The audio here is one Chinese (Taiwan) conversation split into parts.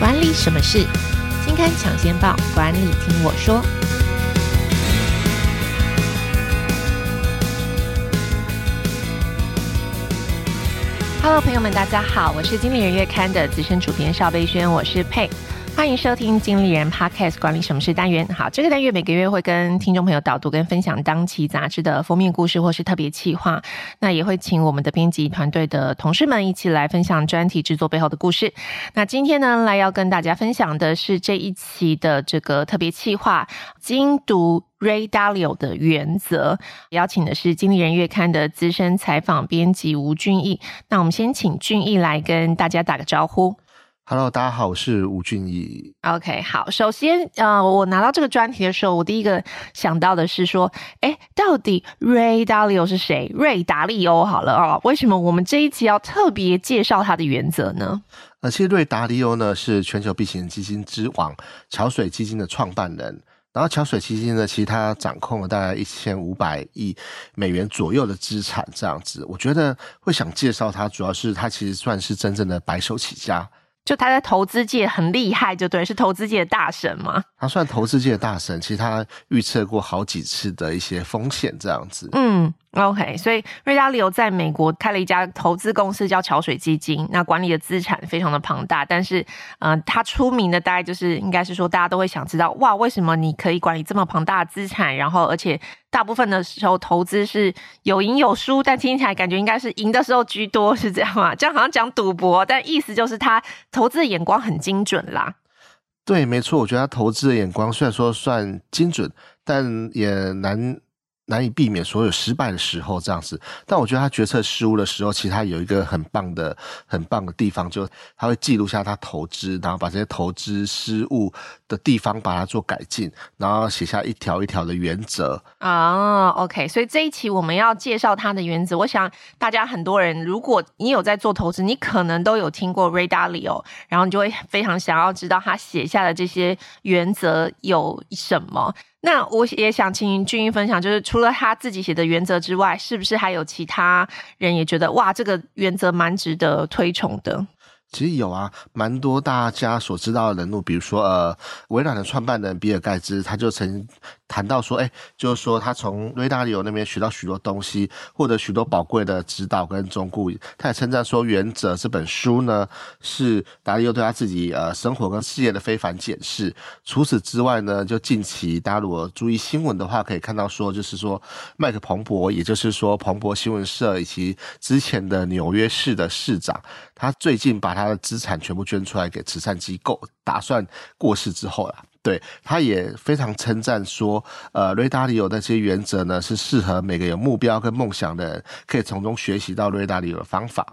管理，什麼事？金刊搶先報，管理聽我說。Hello，朋友們，大家好，我是經理人月刊的資深主編邵蓓宣，我是佩。歡迎收聽《經理人 Podcast》管理什麼事單元。好，這個單元每個月會跟聽眾朋友導讀跟分享當期雜誌的封面故事或是特別企劃。那也會請我們的編輯團隊的同事們一起來分享專題制作背後的故事。那今天呢，來要跟大家分享的是這一期的這個特別企劃《精讀 Ray Dalio 的原則》，邀請的是《經理人月刊》的資深採訪編輯吳俊毅。那我們先請俊毅來跟大家打個招呼。Hello，大家好，我是吳俊毅。OK，好，首先，呃，我拿到這個專題的時候，我第一個想到的是說，誒，到底 Ray Dalio 是誰？Ray Dalio 好了哦，為什麼我們這一期要特別介紹他的原則呢？呃，其實 Ray Dalio 呢是全球避險基金之王——橋水基金的創辦人。然後，橋水基金呢，其實他掌控了大概一千五百億美元左右的資產。這樣子，我覺得會想介紹他，主要是他其實算是真正的白手起家。就他在投資界很厲害，就對，是投資界的大神嘛？他算投資界的大神，其實他預測過好幾次的一些風險，這樣子。嗯。OK，所以瑞達利歐在美國開了一家投資公司，叫橋水基金。那管理的資產非常的龐大，但是，呃，他出名的大概就是，應該是說大家都會想知道，哇，為什麼你可以管理這麼龐大的資產？然後，而且大部分的時候投資是有贏有輸，但聽起來感覺應該是贏的時候居多，是這樣嗎？這樣好像講賭博，但意思就是他投資的眼光很精準啦。對，沒錯，我覺得他投資的眼光雖然說算精準，但也難。難以避免所有失敗的時候這樣子，但我覺得他決策失誤的時候，其實他有一個很棒的、很棒的地方，就他會記錄下他投資，然後把這些投資失誤的地方把它做改進，然後寫下一條一條的原則啊。Oh, OK，所以這一期我們要介紹他的原則。我想大家很多人，如果你有在做投資，你可能都有聽過 Ray Dalio，然後你就會非常想要知道他寫下的這些原則有什麼。那我也想請俊毅分享，就是除了他自己寫的原則之外，是不是還有其他人也覺得哇，這個原則蠻值得推崇的？其實有啊，蠻多大家所知道的人物，比如說呃，微軟的創辦人比爾蓋茨，他就曾。談到說，哎，欸，就是說他從瑞達利歐那邊學到許多東西，獲得許多寶貴的指導跟忠告。他也稱讚說，《原則》這本書呢，是達利歐對他自己呃生活跟事業的非凡檢視。除此之外呢，就近期大家如果注意新聞的話，可以看到說，就是說麥克彭博，也就是說彭博新聞社以及之前的紐約市的市長，他最近把他的資產全部捐出來給慈善機構，打算過世之後啦。對，他也非常稱讚說，呃，瑞達利歐那些原則呢，是適合每個有目標跟夢想的人，可以從中學習到瑞達利歐的方法。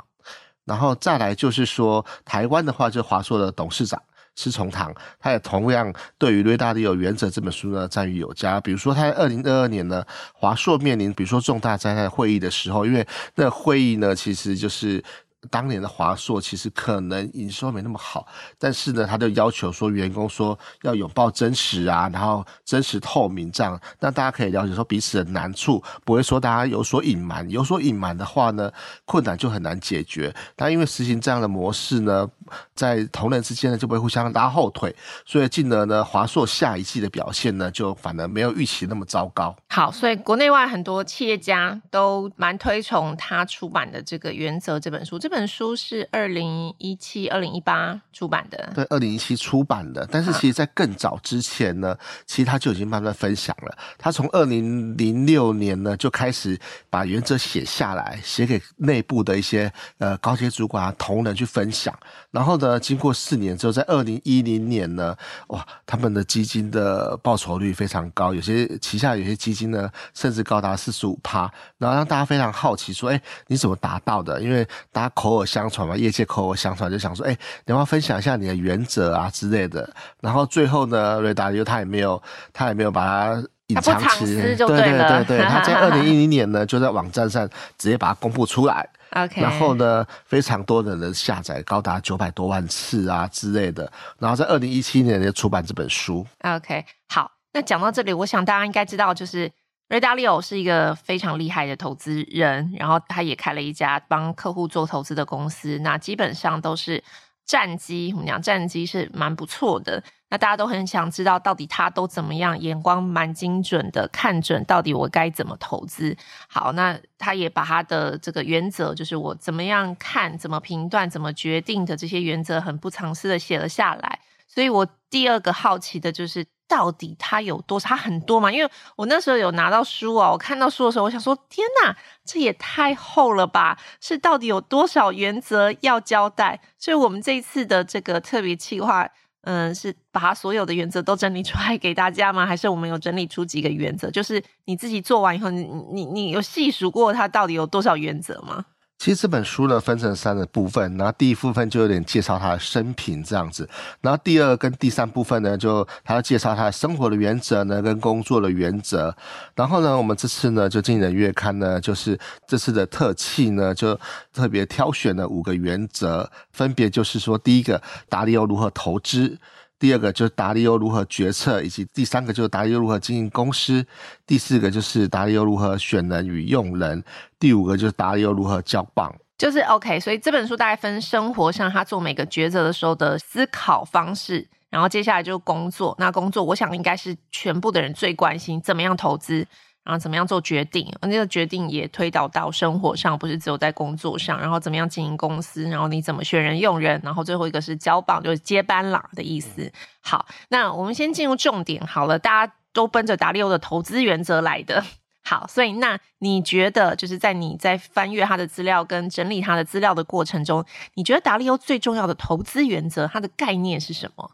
然後再來就是說，台灣的話，就華碩的董事長施崇棠，他也同樣對於瑞達利歐原則這本書呢讚譽有加。比如說，他在二零二二年呢，華碩面臨比如說重大災害會議的時候，因為那個會議呢，其實就是。當年的華碩其實可能營收沒那麼好，但是呢，他就要求說員工說要擁抱真實啊，然後真實透明這樣，那大家可以了解說彼此的難處，不會說大家有所隱瞞，有所隱瞞的話呢，困難就很難解決。但因為實行這樣的模式呢，在同仁之間呢就不會互相拉後腿，所以進而呢，華碩下一季的表現呢，就反而沒有預期那麼糟糕。好，所以國內外很多企業家都蠻推崇他出版的這個《原則》這本書，這本。本書是二零一七、二零一八出版的，對，二零一七出版的。但是，其實在更早之前呢，啊、其實他就已經慢慢分享了。他從二零零六年呢就開始把原則寫下來，寫給內部的一些呃高階主管啊、同仁去分享。然後呢，經過四年之後，在二零一零年呢，哇，他們的基金的報酬率非常高，有些旗下有些基金呢甚至高達四十五趴，然後讓大家非常好奇說：“哎、欸，你怎麼達到的？”因為大家。口耳相傳嘛，業界口耳相傳就想說，哎、欸，你要不要分享一下你的原則啊之類的。然後最後呢，瑞達又他也沒有，他也沒有把它隱藏起來。對對對對，他在二零一零年呢， 就在網站上直接把它公布出來。OK。然後呢，非常多的人下載，高達九百多萬次啊之類的。然後在二零一七年就出版這本書。OK，好，那講到這裡，我想大家應該知道就是。瑞達利歐是一個非常厲害的投資人，然後他也開了一家幫客戶做投資的公司。那基本上都是戰績，我們講戰績是蠻不錯的。那大家都很想知道到底他都怎麼樣，眼光蠻精準的，看準到底我該怎麼投資。好，那他也把他的這個原則，就是我怎麼樣看、怎麼評斷、怎麼決定的這些原則，很不藏私的寫了下來。所以我第二個好奇的就是。到底它有多差很多嘛，因為我那時候有拿到書啊，我看到書的時候，我想說：天吶，這也太厚了吧！是到底有多少原則要交代？所以我們這一次的這個特別企劃，嗯，是把所有的原則都整理出來給大家嗎？還是我們有整理出幾個原則？就是你自己做完以後，你你你有細數過它到底有多少原則嗎？其實這本書呢，分成三個部分，然後第一部分就有點介紹他的生平這樣子，然後第二跟第三部分呢，就他要介紹他的生活的原則呢跟工作的原則，然後呢，我們這次呢，就《經理人月刊》呢，就是這次的特企呢，就特別挑選了五個原則，分別就是說，第一個達利歐如何投資。第二個就是達利歐如何決策，以及第三個就是達利歐如何經營公司，第四個就是達利歐如何選人與用人，第五個就是達利歐如何交棒。就是 OK，所以這本書大概分生活上他做每個抉擇的時候的思考方式，然後接下來就是工作。那工作，我想應該是全部的人最關心，怎麼樣投資。然後怎麼樣做決定？那、這個決定也推導到生活上，不是只有在工作上。然後怎麼樣經營公司？然後你怎麼選人用人？然後最後一個是交棒，就是接班了的意思。好，那我們先進入重點好了。大家都奔着達利歐的投資原則來的。好，所以那你覺得，就是在你在翻閱他的資料跟整理他的資料的過程中，你覺得達利歐最重要的投資原則，它的概念是什麼？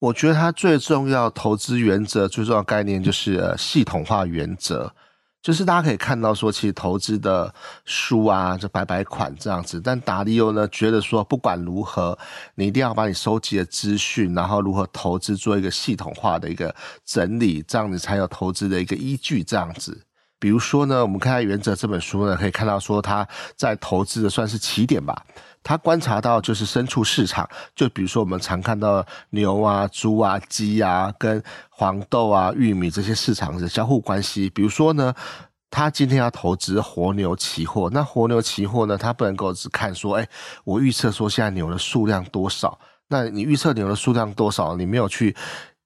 我覺得他最重要投資原則、最重要概念就是系統化原則，就是大家可以看到說，其實投資的書啊，就百百款這樣子。但達利歐呢，覺得說不管如何，你一定要把你收集的資訊，然後如何投資做一個系統化的一個整理，這樣子才有投資的一個依據。這樣子，比如說呢，我們看下《原則》這本書呢，可以看到說他在投資的算是起點吧。他觀察到，就是牲畜市場，就比如說我們常看到牛啊、豬啊、雞啊，跟黃豆啊、玉米這些市場的交互關係。比如說呢，他今天要投資活牛期貨，那活牛期貨呢，他不能夠只看說，哎、欸，我預測說現在牛的數量多少？那你預測牛的數量多少？你沒有去。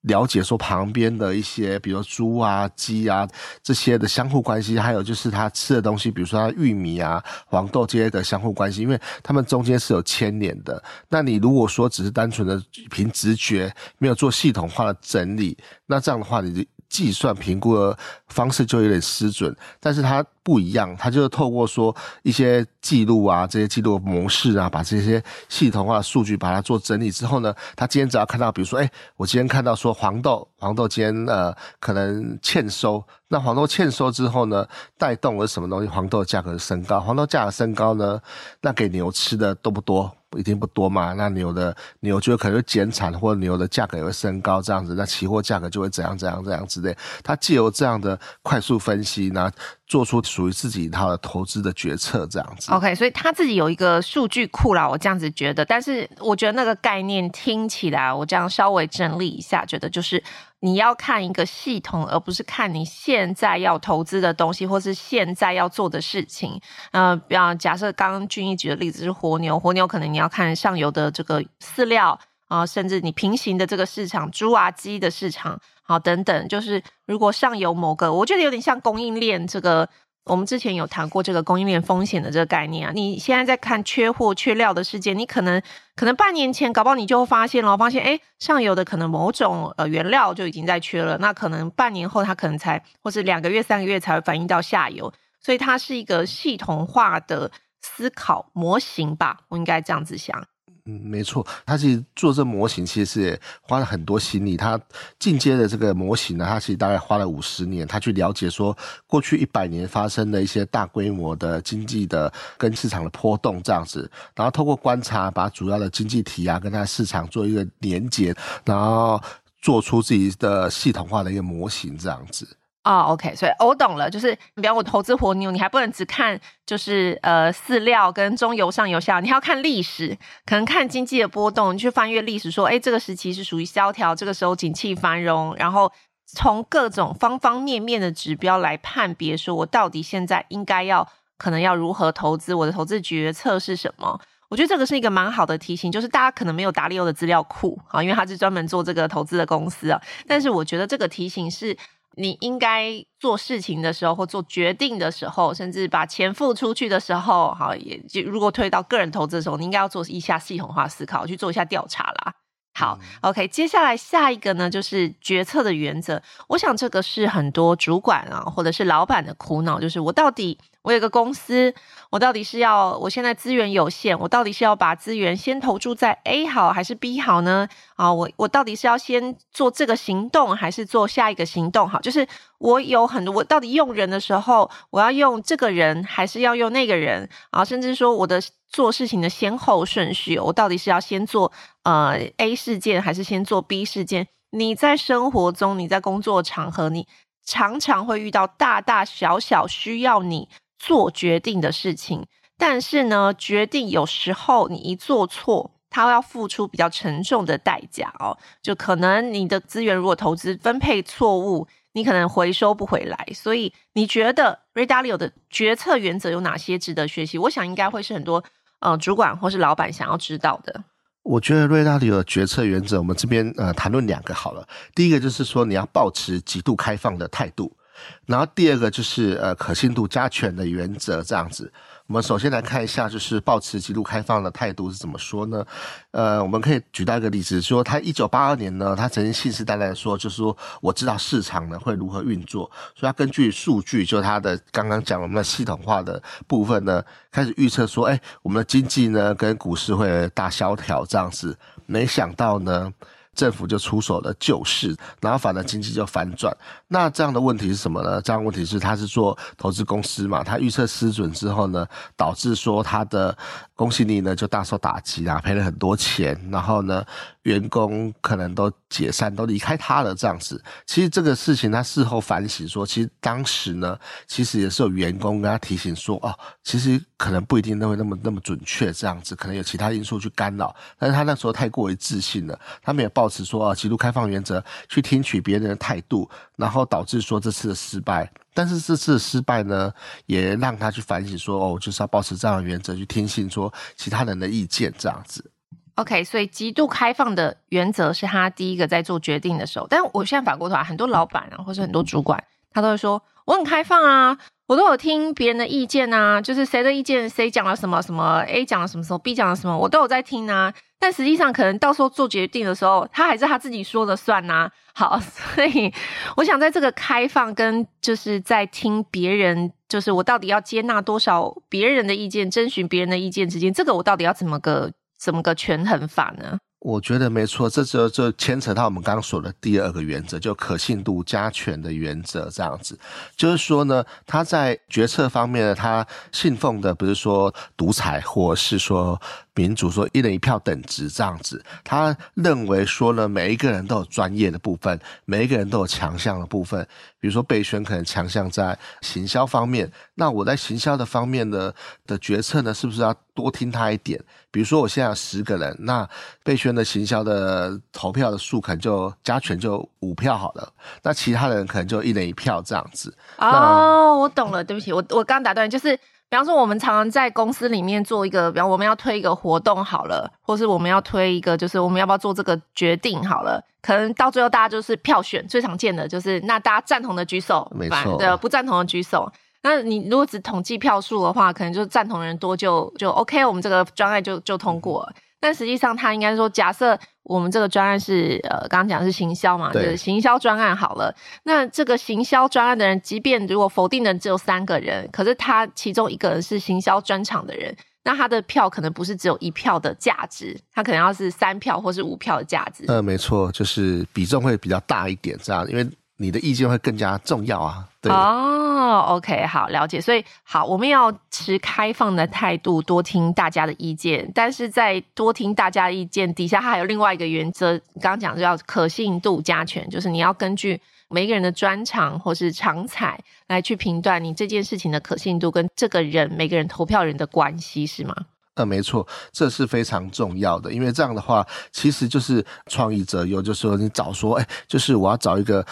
了解說旁邊的一些，比如說豬啊、雞啊這些的相互關係，還有就是它吃的東西，比如說它玉米啊、黃豆這些的相互關係，因為它們中間是有牽連的。那你如果說只是單純的憑直覺，沒有做系統化的整理，那這樣的話你就。計算評估的方式就有點失準，但是它不一樣，它就是透過說一些記錄啊，這些記錄模式啊，把這些系統化的數據把它做整理之後呢，他今天只要看到，比如說，哎，我今天看到說黃豆，黃豆今天呃可能欠收，那黃豆欠收之後呢，帶動了什麼東西？黃豆價格升高，黃豆價格升高呢，那給牛吃的都不多？一定不多嘛，那牛的牛，就可能會減產，或牛的價格也會升高，這樣子，那期貨價格就會怎樣怎樣怎樣之類，他借由這樣的快速分析，呢，做出屬於自己一套的投資的決策，這樣子。OK，所以他自己有一個數據庫啦，我這樣子覺得。但是我覺得那個概念聽起來，我這樣稍微整理一下，覺得就是。你要看一個系統，而不是看你現在要投資的東西，或是現在要做的事情。呃，比方假設剛剛俊毅舉的例子是活牛，活牛可能你要看上游的這個飼料啊、呃，甚至你平行的這個市場，豬啊雞的市場，好、哦、等等。就是如果上游某個，我覺得有點像供應鏈這個。我們之前有談過這個供應鏈風險的這個概念啊，你現在在看缺貨、缺料的事件，你可能可能半年前搞不好你就會發現了，發現哎，上游的可能某種呃原料就已經在缺了，那可能半年後它可能才或是兩個月、三個月才會反映到下游，所以它是一個系統化的思考模型吧，我應該這樣子想。嗯，沒錯，他其實做這模型，其實是花了很多心力。他進階的這個模型呢，他其實大概花了五十年，他去了解說過去一百年發生的一些大規模的經濟的跟市場的波動這樣子，然後透過觀察，把主要的經濟體啊跟它市場做一個連接，然後做出自己的系統化的一個模型這樣子。哦，OK，所以我懂了，就是，你比方我投資活牛，你還不能只看，就是呃，飼料跟中游上游下你還要看歷史，可能看經濟的波動，你去翻閱歷史，說，誒，這個時期是屬於蕭條，這個時候景氣繁榮，然後從各種方方面面的指標來判別，說我到底現在應該要，可能要如何投資，我的投資決策是什麼？我覺得這個是一個蠻好的提醒，就是大家可能沒有達利歐的資料庫啊，因為他是專門做這個投資的公司啊，但是我覺得這個提醒是。你應該做事情的時候，或做決定的時候，甚至把錢付出去的時候，好，也就如果推到個人投資的時候，你應該要做一下系統化思考，去做一下調查啦。好，OK，接下來下一個呢，就是決策的原則。我想這個是很多主管啊，或者是老板的苦惱，就是我到底。我有個公司，我到底是要，我現在資源有限，我到底是要把資源先投注在 A 好還是 B 好呢？啊，我我到底是要先做這個行動還是做下一個行動好？就是我有很多，我到底用人的時候，我要用這個人還是要用那個人？啊，甚至說我的做事情的先後順序，我到底是要先做呃 A 事件還是先做 B 事件？你在生活中，你在工作場合，你常常會遇到大大小小需要你。做決定的事情，但是呢，決定有時候你一做錯，他會要付出比較沉重的代價哦。就可能你的資源如果投資分配錯誤，你可能回收不回來。所以你覺得瑞達利歐的決策原則有哪些值得學習？我想應該會是很多呃主管或是老闆想要知道的。我覺得瑞達利歐的決策原則，我們這邊呃談論兩個好了。第一個就是說，你要保持極度開放的態度。然後第二個就是呃可信度加權的原則這樣子。我們首先來看一下，就是抱持極度開放的態度是怎麼說呢？呃，我們可以舉到一個例子，說他一九八二年呢，他曾經信誓旦旦地說，就是說我知道市場呢會如何運作，所以他根據數據，就是他的剛剛講我們的系統化的部分呢，開始預測說，誒，我們的經濟呢跟股市會大蕭條這樣子，沒想到呢，政府就出手了救市，然後反而經濟就反轉。那這樣的問題是什麼呢？這樣的問題是他是做投資公司嘛，他預測失準之後呢，導致說他的公信力呢就大受打擊啦，賠了很多錢，然後呢，員工可能都解散，都離開他了，這樣子。其實這個事情，他事後反省說，其實當時呢，其實也是有員工跟他提醒說，哦，其實可能不一定會那麼那麼準確，這樣子，可能有其他因素去干擾。但是他那時候太過於自信了，他沒有保持說啊、哦，極度開放原則去聽取別人的態度，然後導致說這次的失敗。但是這次的失敗呢，也讓他去反省說，哦，就是要保持這樣的原則去聽信說其他人的意見，這樣子。OK，所以極度開放的原則是他第一個在做決定的時候。但我現在反過來，很多老闆啊，或是很多主管，他都會說我很開放啊，我都有聽別人的意見啊，就是誰的意見，誰講了什麼什麼，A 講了什麼什麼，B 講了什麼，我都有在聽啊。但實際上，可能到時候做決定的時候，他還是他自己說了算吶、啊。好，所以我想在這個開放跟就是在聽別人，就是我到底要接納多少別人的意見，徵詢別人的意見之間，這個我到底要怎麼個？怎麼個權衡法呢？我覺得沒錯，這就就牽扯到我們剛剛說的第二個原則，就可信度加權的原則這樣子。就是說呢，他在決策方面呢，他信奉的不是說獨裁，或是說。民主說一人一票等值這樣子，他認為說呢，每一個人都有專業的部分，每一個人都有強項的部分。比如說蓓宣可能強項在行銷方面，那我在行銷的方面的的決策呢，是不是要多聽他一點？比如說我現在有十個人，那蓓宣的行銷的投票的數可能就加權就五票好了，那其他人可能就一人一票這樣子。哦，我懂了，對不起，我我剛剛打斷就是。比方說，我們常常在公司裡面做一個，比方我們要推一個活動好了，或是我們要推一個，就是我們要不要做這個決定好了。可能到最後大家就是票選，最常見的就是那大家贊同的舉手，沒錯，反正，不贊同的舉手。那你如果只統計票數的話，可能就贊同的人多就就 OK，我們這個專案就就通過。但實際上，他應該說，假設我們這個專案是呃，剛剛講的是行銷嘛，對就是行銷專案好了。那這個行銷專案的人，即便如果否定的只有三個人，可是他其中一個人是行銷專場的人，那他的票可能不是只有一票的價值，他可能要是三票或是五票的價值。嗯、呃，沒錯，就是比重會比較大一點這樣，因為。你的意見會更加重要啊！對哦、oh，OK，好，了解。所以好，我們要持開放的態度，多聽大家的意見。但是在多聽大家的意見底下，還有另外一個原則，剛剛講的就是要可信度加權，就是你要根據每個人的專長或是長才來去評斷你這件事情的可信度跟這個人每個人投票人的關係是嗎？呃、嗯，沒錯，這是非常重要的，因為這樣的話，其實就是創意者有就是、說你早說，哎，就是我要找一個。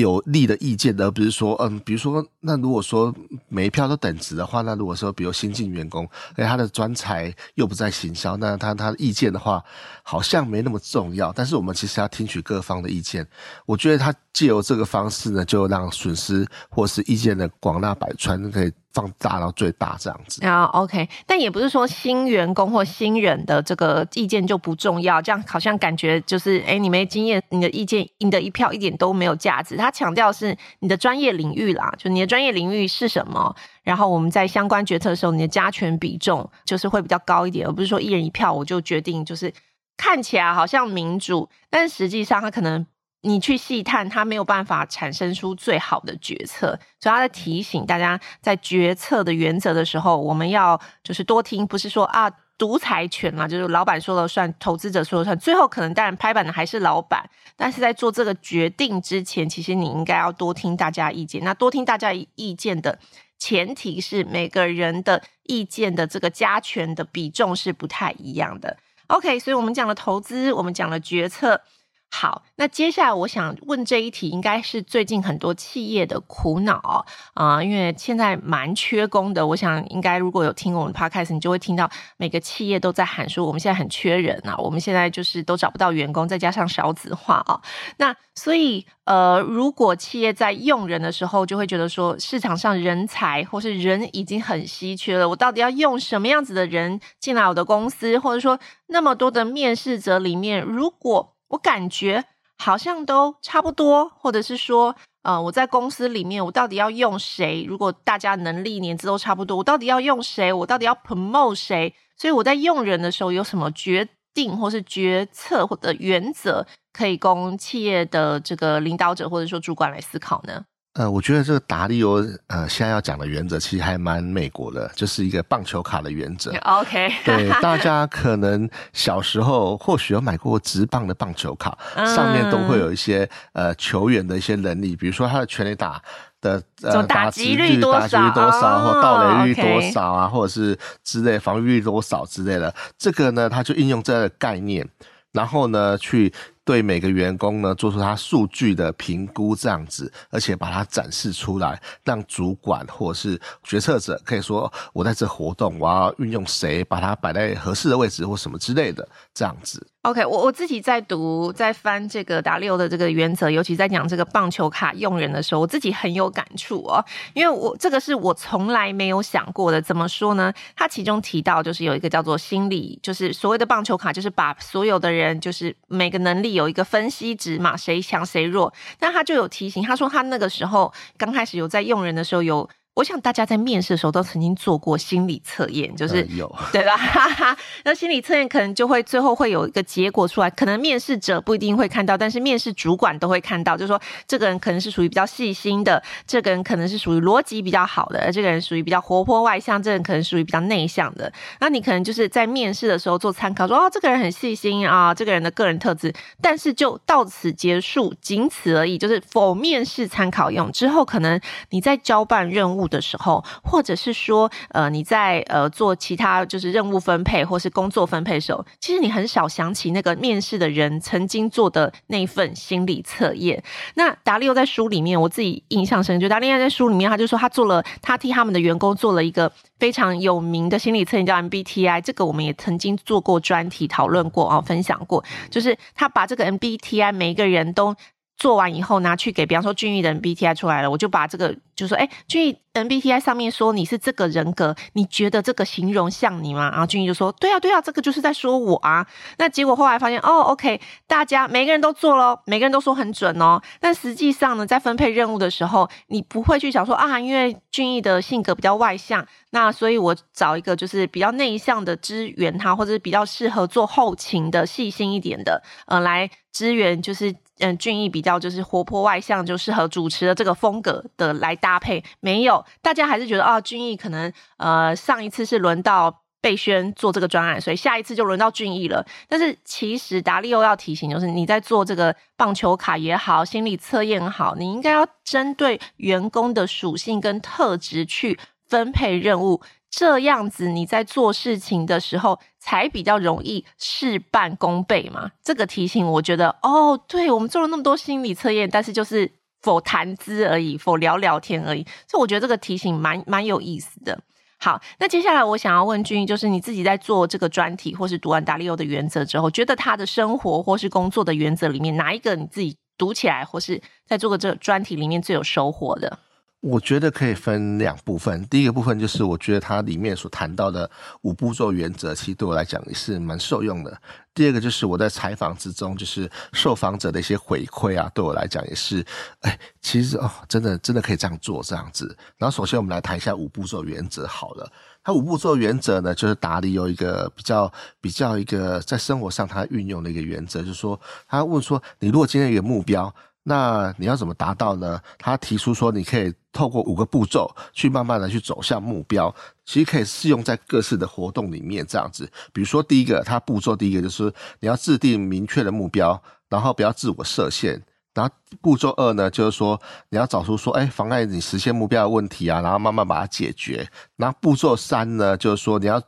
有利的意見，而不是說，嗯，比如說，那如果說每一票都等值的話，那如果說，比如新進員工，哎，他的專才又不在行銷，那他他的意見的話，好像沒那麼重要。但是我們其實要聽取各方的意見，我覺得他。借由這個方式呢，就讓損失或是意見的廣納百川可以放大到最大這樣子啊。Oh, OK，但也不是說新員工或新人的這個意見就不重要。這樣好像感覺就是，哎、欸，你沒經驗，你的意見，你的一票一點都沒有價值。他強調是你的專業領域啦，就你的專業領域是什麼，然後我們在相關決策的時候，你的加權比重就是會比較高一點，而不是說一人一票我就決定，就是看起來好像民主，但實際上它可能。你去細探，他沒有辦法產生出最好的決策，所以他在提醒大家，在決策的原則的時候，我們要就是多聽，不是說啊獨裁權啊，就是老闆說了算，投資者說了算，最後可能當然拍板的還是老闆，但是在做這個決定之前，其實你應該要多聽大家意見。那多聽大家意見的前提是，每個人的意見的這個加權的比重是不太一樣的。OK，所以我們講了投資，我們講了決策。好，那接下來我想問這一題，應該是最近很多企業的苦惱啊，呃，因為現在蠻缺工的。我想，應該如果有聽我們 podcast，你就會聽到每個企業都在喊說，我們現在很缺人啊，我們現在就是都找不到員工，再加上少子化啊。那所以，呃，如果企業在用人的時候，就會覺得說市場上人才或是人已經很稀缺了，我到底要用什麼樣子的人進來我的公司，或者說那麼多的面試者裡面，如果我感覺好像都差不多，或者是說，呃，我在公司裡面，我到底要用誰？如果大家能力、年資都差不多，我到底要用誰？我到底要 promote 誰？所以我在用人的時候，有什麼決定，或是決策，或者原則，可以供企業的這個領導者或者說主管來思考呢？呃，我覺得這個達利歐呃，現在要講的原則其實還蠻美國的，就是一個棒球卡的原則。OK， 對大家可能小時候或許有買過職棒的棒球卡，上面都會有一些呃球員的一些能力，比如說他的全壘打的、呃、打擊率打擊率多少，或盜壘率多少啊，哦、或者是之類防御率多少之類的。okay. 這個呢，他就應用這個概念，然後呢去。對每個員工呢，做出他數據的評估，這樣子，而且把它展示出來，讓主管或者是決策者可以說，我在這活動，我要運用誰，把它擺在合適的位置或什麼之類的，這樣子。OK，我我自己在讀，在翻這個達利歐的這個原則，尤其在講這個棒球卡用人的時候，我自己很有感觸哦，因為我這個是我從來沒有想過的。怎麼說呢？他其中提到就是有一個叫做心理，就是所謂的棒球卡，就是把所有的人就是每個能力有一個分析值嘛，誰強誰弱。但他就有提醒他說，他那個時候剛開始有在用人的時候有。我想大家在面試的時候都曾經做過心理測驗，就是、呃、有對吧？哈哈。那心理測驗可能就會最後會有一個結果出來，可能面試者不一定會看到，但是面試主管都會看到，就是說這個人可能是屬於比較細心的，這個人可能是屬於邏輯比較好的，而這個人屬於比較活潑外向，這個人可能屬於比較內向的。那你可能就是在面試的時候做參考說，說、哦、啊這個人很細心啊、哦，這個人的個人特質，但是就到此結束，僅此而已，就是否面試參考用。之後可能你在交辦任務。的時候，或者是說，呃，你在呃做其他就是任務分配或是工作分配的時候，其實你很少想起那個面試的人曾經做的那份心理測驗。那達利歐在書裡面，我自己印象深就達利歐在在書裡面，他就說他做了，他替他們的員工做了一個非常有名的心理測驗，叫 MBTI。這個我們也曾經做過專題討論過啊、哦，分享過，就是他把這個 MBTI 每一個人都。做完以後拿去給，比方說俊毅的 MBTI 出來了，我就把這個就說，誒俊毅 MBTI 上面說你是這個人格，你覺得這個形容像你嗎？然後俊毅就說，對啊，對啊，這個就是在說我啊。那結果後來發現，哦，OK，大家每個人都做咯，每個人都說很準哦。但實際上呢，在分配任務的時候，你不會去想說啊，因為俊毅的性格比較外向，那所以我找一個就是比較內向的支援他，或者是比較適合做後勤的、細心一點的，呃，來支援就是。嗯，俊毅比較就是活潑外向，就適合主持的這個風格的來搭配。沒有，大家還是覺得啊、哦，俊毅可能呃上一次是輪到蓓宣做這個專案，所以下一次就輪到俊毅了。但是其實達利歐要提醒，就是你在做這個棒球卡也好，心理測驗好，你應該要針對員工的屬性跟特質去分配任務。這樣子，你在做事情的時候才比較容易事半功倍嘛。這個提醒，我覺得，哦，對，我們做了那麼多心理測驗，但是就是否談資而已，否聊聊天而已。所以我覺得這個提醒蠻蠻有意思的。好，那接下來我想要問俊，就是你自己在做這個專題，或是讀完達利歐的原則之後，覺得他的生活或是工作的原則裡面哪一個你自己讀起來，或是在做個這專題裡面最有收穫的？我覺得可以分兩部分。第一個部分就是，我覺得它裡面所談到的五步驟原則，其實對我來講也是蠻受用的。第二個就是我在採訪之中，就是受訪者的一些回饋啊，對我來講也是，哎，其實哦，真的真的可以這樣做這樣子。然後首先我們來談一下五步驟原則好了。它五步驟原則呢，就是達利有一個比較比較一個在生活上他運用的一個原則，就是說他問說，你如果今天有一個目標，那你要怎麼達到呢？他提出說，你可以。透過五個步驟去慢慢的去走向目標，其實可以適用在各式的活動裡面這樣子。比如說第一個，它步驟第一個就是你要制定明確的目標，然後不要自我設限。然後步驟二呢，就是說你要找出說，哎，妨礙你實現目標的問題啊，然後慢慢把它解決。然後步驟三呢，就是說你要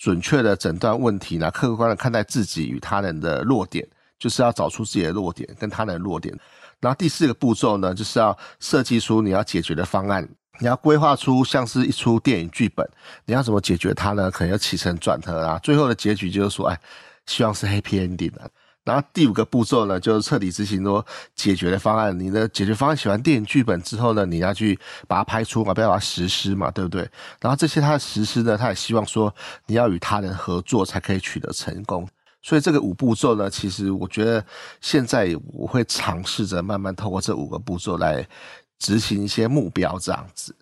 準確的診斷問題，然後客觀的看待自己與他人的弱點，就是要找出自己的弱點跟他人的弱點。然後第四個步驟呢，就是要設計出你要解決的方案，你要規劃出像是一出電影劇本，你要怎麼解決它呢？可能要起承轉合啊，最後的結局就是說，哎，希望是 happy ending 的。然後第五個步驟呢，就是徹底執行說解決的方案。你的解決方案寫完電影劇本之後呢，你要去把它拍出嘛，不要把它實施嘛，對不對？然後這些它的實施呢，他也希望說你要與他人合作才可以取得成功。所以這個五步驟呢，其實我覺得現在我會嘗試着慢慢透過這五個步驟來執行一些目標，這樣子。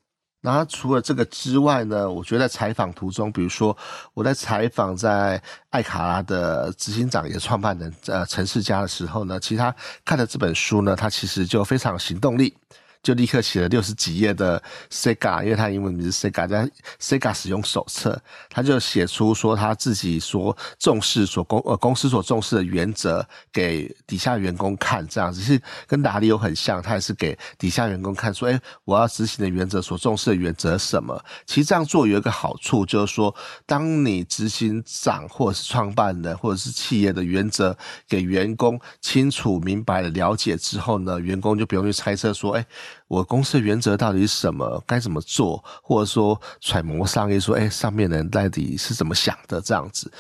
那除了這個之外呢，我覺得在採訪途中，比如說我在採訪在愛卡拉的執行長也創辦人呃程世嘉的時候呢，其實他看了這本書呢，他其實就非常有行動力。就立刻寫了六十幾頁的 Sega，因為他英文名字是 Sega，在 Sega 使用手冊，他就寫出說他自己所重視所、所公呃公司所重視的原則給底下員工看，這樣子是跟達利歐有很像，他也是給底下員工看說，說、欸、哎，我要執行的原則、所重視的原則是什麼？其實這樣做有一個好處，就是說，當你執行長或者是創辦人或者是企業的原則給員工清楚、明白的了、了解之後呢，員工就不用去猜測說，哎、欸。我公司的原則到底是什麼？該怎麼做？或者說揣摩上意說，哎、欸，上面人到底是怎麼想的？這樣子。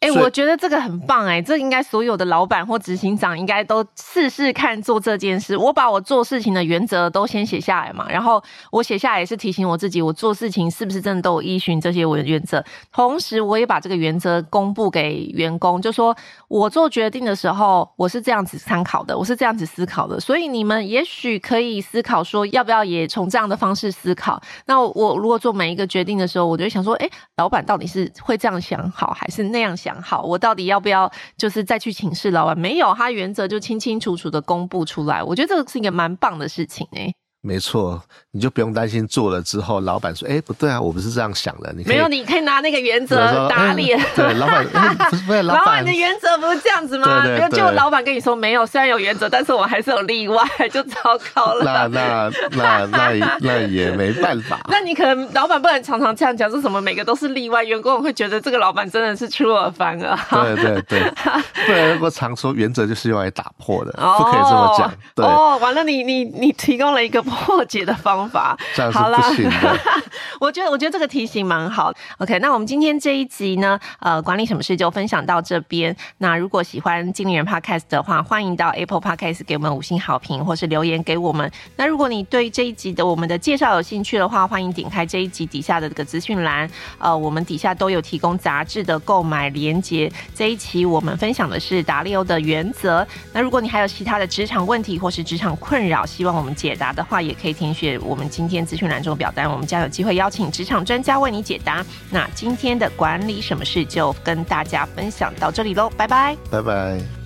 哎，欸、所以，我覺得這個很棒哎、欸，這應該所有的老闆或執行長應該都試試看做這件事。我把我做事情的原則都先寫下來嘛，然後我寫下來也是提醒我自己，我做事情是不是真的都有依循這些原則。同時，我也把這個原則公布給員工，就說我做決定的時候，我是這樣子參考的，我是這樣子思考的。所以你們也許可以思考說，要不要也從這樣的方式思考？那我如果做每一個決定的時候，我就想說，哎、欸，老闆到底是會這樣想好，還是那樣想好？講好，我到底要不要，就是再去請示老闆？沒有，他原則就清清楚楚的公布出來。我覺得這個是一個蠻棒的事情哎、欸。沒錯，你就不用擔心做了之後，老闆說：“哎、欸，不對啊，我不是這樣想的。你”你沒有，你可以拿那個原則打臉、嗯。對，老闆、欸、老闆，你的原則不是這樣子嗎？就老闆跟你說沒有，雖然有原則，但是我還是有例外，就糟糕了。那那那那也那也沒辦法。 那你可能老闆不能常常這樣講，說什麼每個都是例外，員工會覺得這個老闆真的是出爾反爾。對對對，不然 我常說，原則就是用來打破的，不可以這麼講。哦對哦，完了，你你你提供了一個。破解的方法，好啦 我覺得我覺得這個提醒蠻好。OK，那我們今天這一集呢，呃，管理什麼事就分享到這邊。那如果喜歡經理人 Podcast 的話，歡迎到 Apple Podcast 給我們五星好評，或是留言給我們。那如果你對這一集的我們的介紹有興趣的話，歡迎點開這一集底下的這個資訊欄，呃，我們底下都有提供雜誌的購買連結。這一期我們分享的是達利歐的原則。那如果你還有其他的職場問題或是職場困擾，希望我們解答的話，也可以填寫我們今天資訊欄中的表單，我們將有機會邀請職場專家為你解答。那今天的管理什麼事就跟大家分享到這裡嘍，拜拜，拜拜。